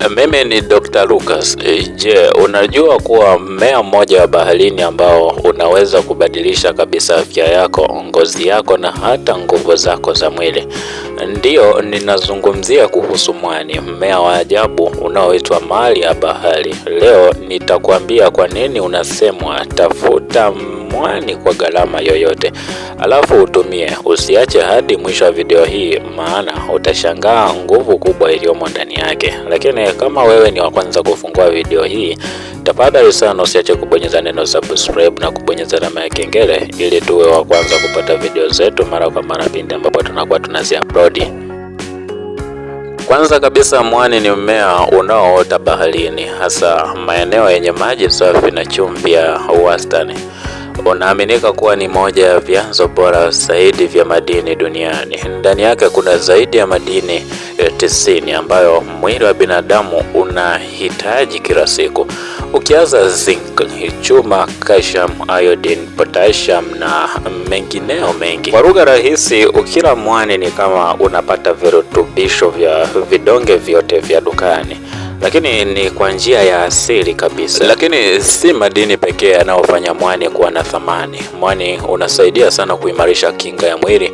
Eh, mimi ni Dr. Lucas. Eh, je, unajua kuwa mmea mmoja wa baharini ambao unaweza kubadilisha kabisa afya yako, ngozi yako na hata nguvu zako za mwili? Ndiyo, ninazungumzia kuhusu mwani, mmea wa ajabu unaoitwa mali ya bahari. Leo nitakuambia kwa nini unasemwa tafuta mwani kwa gharama yoyote, alafu utumie. Usiache hadi mwisho wa video hii, maana utashangaa nguvu kubwa iliyomo ndani yake. Lakini kama wewe ni wa kwanza kufungua video hii, tafadhali sana usiache kubonyeza neno subscribe na kubonyeza alama ya kengele ili tuwe wa kwanza kupata video zetu mara kwa mara pindi ambapo tunakuwa upload. Kwanza kabisa mwani ni mmea unaoota baharini, hasa maeneo yenye maji safi na chumvi ya wastani unaaminika kuwa ni moja ya vyanzo bora zaidi vya madini duniani. Ndani yake kuna zaidi ya madini eh, tisini ambayo mwili wa binadamu unahitaji kila siku, ukianza zinc, chuma, calcium, iodine, potassium na mengineo mengi. Kwa lugha rahisi, ukila mwani ni kama unapata virutubisho vya vidonge vyote vya dukani lakini ni kwa njia ya asili kabisa. Lakini si madini pekee yanayofanya mwani kuwa na thamani. Mwani unasaidia sana kuimarisha kinga ya mwili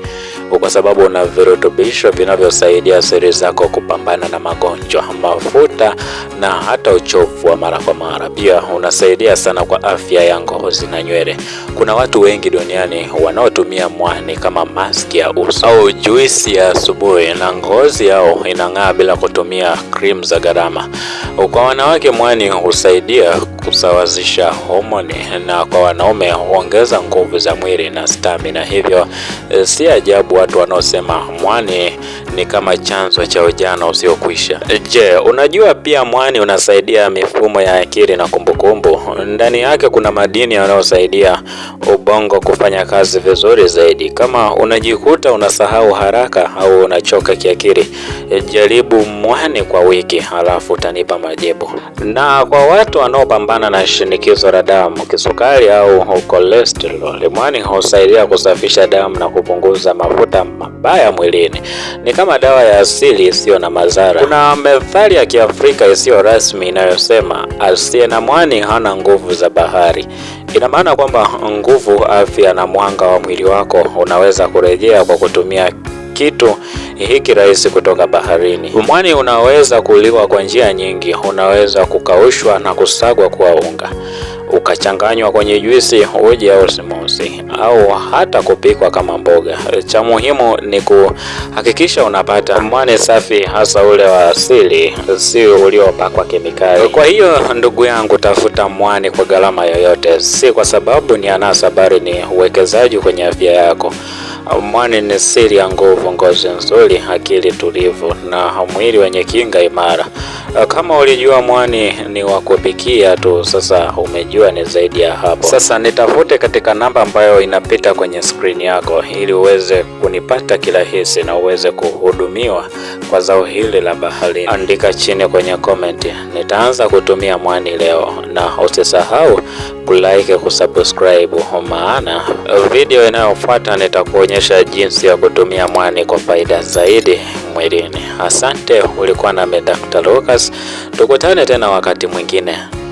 kwa sababu una virutubisho vinavyosaidia seli zako kupambana na magonjwa, mafuta na hata uchovu wa mara kwa mara. Pia unasaidia sana kwa afya ya ngozi na nywele. Kuna watu wengi duniani wanaotumia mwani kama maski ya uso au juisi ya asubuhi, na ngozi yao inang'aa bila kutumia krimu za gharama. Kwa wanawake, mwani husaidia kusawazisha homoni na kwa wanaume huongeza nguvu za mwili na stamina, hivyo eh, si ajabu watu wanaosema mwani ni kama chanzo cha ujana usiokwisha. Je, unajua pia mwani unasaidia mifumo ya akili na kumbukumbu? Ndani yake kuna madini yanayosaidia ubongo kufanya kazi vizuri zaidi. Kama unajikuta unasahau haraka au unachoka kiakili, jaribu mwani kwa wiki, halafu utanipa majibu. Na kwa watu wanaopambana na shinikizo la damu, kisukari au cholesterol, mwani husaidia kusafisha damu na kupunguza mafuta mafuta mabaya mwilini. Ni kama dawa ya asili isiyo na madhara. Kuna methali ya Kiafrika isiyo rasmi inayosema asiye na mwani hana nguvu za bahari. Ina maana kwamba nguvu, afya na mwanga wa mwili wako unaweza kurejea kwa kutumia kitu hiki rahisi kutoka baharini. Mwani unaweza kuliwa kwa njia nyingi. Unaweza kukaushwa na kusagwa kuwa unga ukachanganywa kwenye juisi, uji au smoothie, au hata kupikwa kama mboga. Cha muhimu ni kuhakikisha unapata mwani safi, hasa ule wa asili, si uliopakwa kemikali. Kwa hiyo ndugu yangu, tafuta mwani kwa gharama yoyote, si kwa sababu ni anasa, bali ni uwekezaji kwenye afya yako. Mwani ni siri ya nguvu, ngozi nzuri, akili tulivu na mwili wenye kinga imara. Eh, kama ulijua mwani ni wa kupikia tu, sasa umejua ni zaidi ya hapo. Sasa nitafute katika namba ambayo inapita kwenye skrini yako, ili uweze kunipata kirahisi na uweze kuhudumiwa kwa zao hili la baharini. Andika chini kwenye comment, nitaanza kutumia mwani leo, na usisahau kulike, kusubscribe, maana video inayofuata nitakuonyesha jinsi ya kutumia mwani kwa faida zaidi mwilini. Asante, ulikuwa nami Dr. Lucas, tukutane tena wakati mwingine.